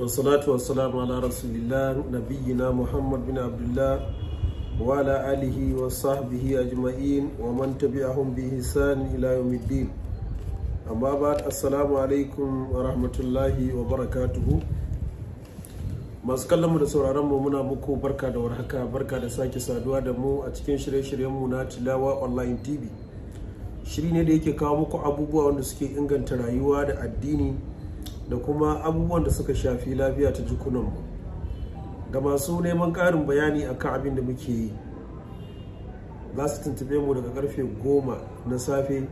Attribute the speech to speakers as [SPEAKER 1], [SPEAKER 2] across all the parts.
[SPEAKER 1] wasalatu wasalamu ala rasulillah nabiyina muhammad bin abdullah wa ala alihi wa sahbihi ajma'in wa man tabi'ahum bi ihsan ila yawmiddin amma ba assalamu alaikum wa rahmatullahi wa barakatuhu masu kallonmu da sauraron mu muna muku barka da warhaka barka da sake saduwa da mu a cikin shirye-shiryenmu na tilawa online tv shiri ne da yake kawo muku abubuwa wanda suke inganta rayuwa da addini da kuma abubuwan da suka shafi lafiya ta jikunanmu ga masu neman ƙarin bayani a kan abin da muke yi za su tuntube mu daga karfe goma na safe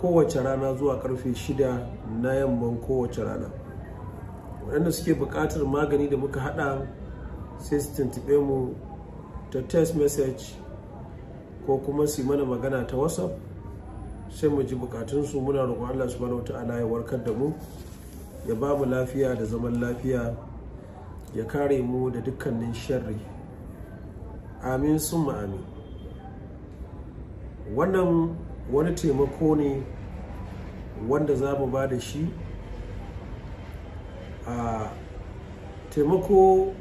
[SPEAKER 1] kowace rana zuwa karfe shida na yamman kowace rana waɗanda suke buƙatar magani da muka haɗa sai su tuntube mu ta text message ko kuma su mana magana ta whatsapp sai mu ji bukatunsu muna roƙon allah subhanahu wa ta'ala ya warkar da mu ya ba mu lafiya da zaman lafiya ya kare mu da dukkanin sharri amin sun ma'ami wannan wani taimako ne wanda za mu ba da shi a taimako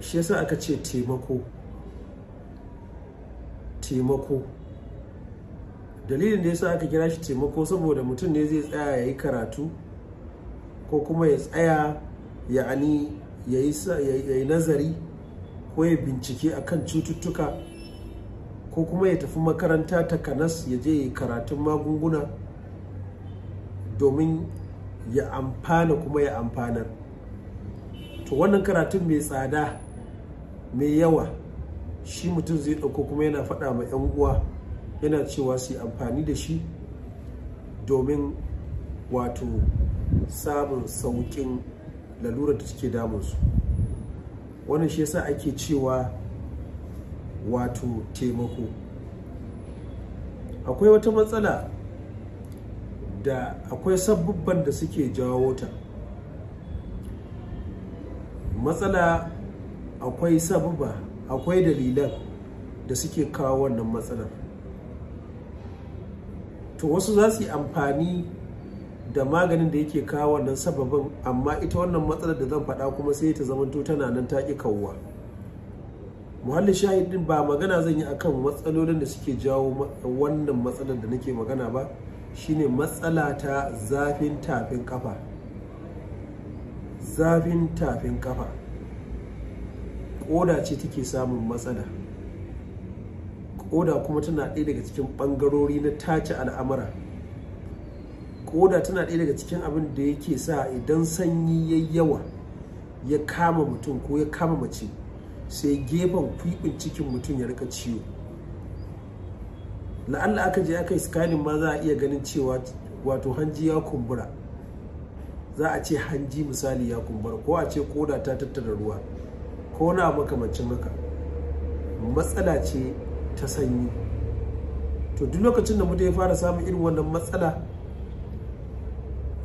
[SPEAKER 1] shi yasa aka ce taimako taimako dalilin da yasa aka kira shi taimako saboda mutum ne zai tsaya ya yi karatu ko kuma ya tsaya ya ani ya yi nazari ko ya bincike kan cututtuka ko kuma ya tafi makaranta ta kanas ya je ya karatun magunguna domin ya amfana kuma ya amfanar to wannan karatun mai tsada mai yawa shi mutum zai ɗauko kuma yana faɗa ma 'yan uwa yana cewa su yi amfani da shi domin wato samun sauƙin lalurar da damun damunsu wannan shi yasa ake cewa wato taimako akwai wata matsala da akwai sabubban da suke jawo ta matsala akwai sabubba akwai dalilan da suke kawo wannan matsalar to wasu za su yi amfani da maganin da yake kawo wannan sababin amma ita wannan matsalar da zan faɗa kuma sai ta zamanto tana nan ta ƙi kawuwa muhalli shahidin ba magana zan yi akan matsalolin da suke jawo wannan matsalar da nake magana ba shine matsala ta zafin tafin kafa zafin tafin kafa Koda ce take samun matsala Koda kuma tana ɗaya daga cikin ɓangarori na tace al'amara koda tana ɗaya daga cikin abin da yake sa idan sanyi ya yawa ya kama mutum ko ya kama mace sai gefen kwiɓin cikin mutum ya rika ciwo la'alla aka je aka yi scanning ma za a iya ganin cewa wato hanji ya kumbura za a ce hanji misali ya kumbura ko a ce koda ta tattara ruwa ko na makamancin haka matsala ce ta sanyi to duk lokacin da mutum ya fara samun irin wannan matsala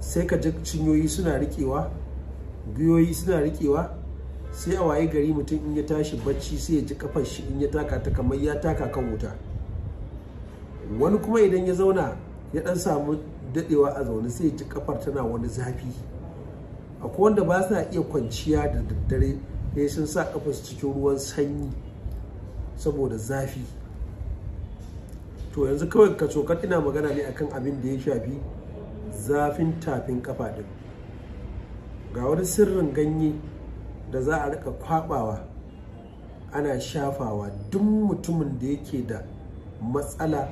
[SPEAKER 1] sai ka ji cinyoyi suna rikewa biyoyi suna rikewa sai a waye gari mutum in ya tashi bacci sai ya ji kafar shi in ya taka ta kamar ya taka kan wuta wani kuma idan ya zauna ya dan samu dadewa a zaune sai ya ji kafar tana wani zafi akwai wanda ba sa iya kwanciya da daddare sai sun sa kafar cikin ruwan sanyi saboda zafi to yanzu kawai ka cokar ina magana ne akan abin da ya shafi zafin tafin kafa din ga wani sirrin ganye da za a rika kwabawa ana shafawa duk mutumin da yake da matsala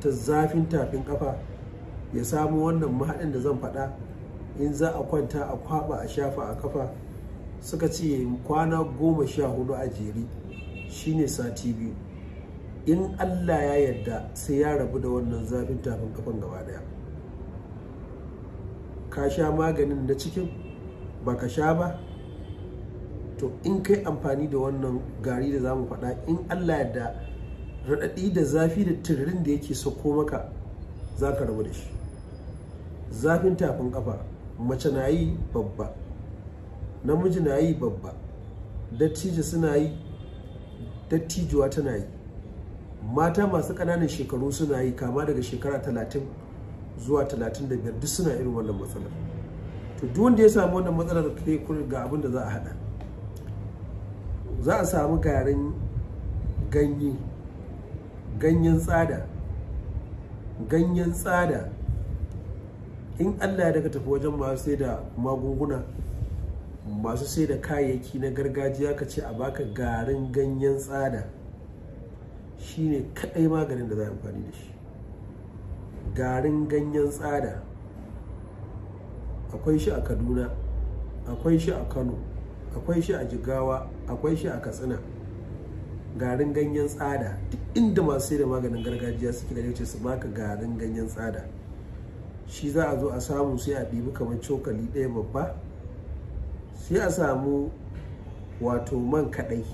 [SPEAKER 1] ta zafin tafin kafa ya samu wannan mahaɗin da zan faɗa in za a kwanta a kwaba a shafa a kafa suka ce kwana goma sha hudu a jeri shine sati biyu in allah ya yarda sai ya rabu da wannan zafin tafin kafan gaba daya ka sha maganin na cikin ba ka sha ba to in kai amfani da wannan gari da za mu faɗa in allah yadda raɗaɗi da zafi da tururin da yake sauko maka za ka rabu da shi zafin tafin ƙafa mace na yi babba namiji na yi babba dattijo suna yi dattijuwa tana yi mata masu ƙananan shekaru suna yi kama daga shekara talatin zuwa 35 duk suna irin wannan matsalar to duk wanda ya samu wannan matsalar kai kun ga abin da za a hada za a samu garin ganye ganyen tsada ganyen tsada in Allah ya daga tafi wajen masu sai da magunguna masu sai da kayayyaki na gargajiya ka ce a baka garin ganyen tsada shine kadai maganin da za a amfani da shi garin ganyen tsada akwai shi a kaduna akwai shi a kano akwai shi a jigawa akwai shi a katsina garin ganyen tsada duk inda masu sai da maganin gargajiya suke da yace su baka garin ganyen tsada shi za a zo a samu sai a ɗibi kamar cokali ɗaya babba sai a samu wato man kaɗai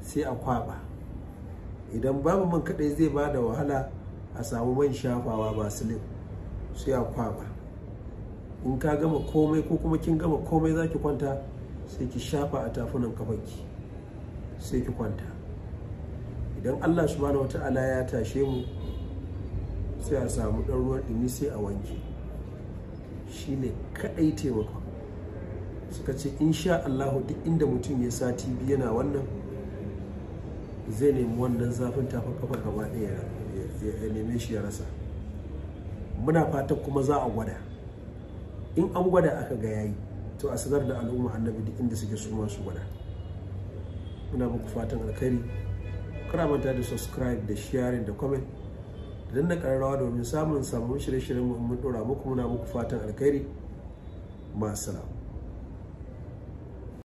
[SPEAKER 1] sai a kwaba idan babu man kaɗai zai ba da wahala a samu man shafawa basilin sai a kwaba in ka gama komai ko kuma kin gama komai za ki kwanta sai ki shafa a tafunan kafanki sai ki kwanta idan allah subhanahu wa ta'ala ya tashe mu sai a samu ɗan ruwan ɗumi sai a wanke shi ne kaɗai taimakon suka ce insha allahu duk inda mutum ya sati biyu yana wannan zai nemi wannan zafin tafa kafa gaba ɗaya ya neme shi ya rasa muna fatan kuma za a gwada in an gwada aka ga yayi to a sanar da al'umma annabi duk inda suke suma su gwada muna muku fatan alkhairi kana manta da subscribe da sharing da comment da danna domin samun samun shirye-shiryen mu mun dora muku muna muku fatan alkhairi ma'assalam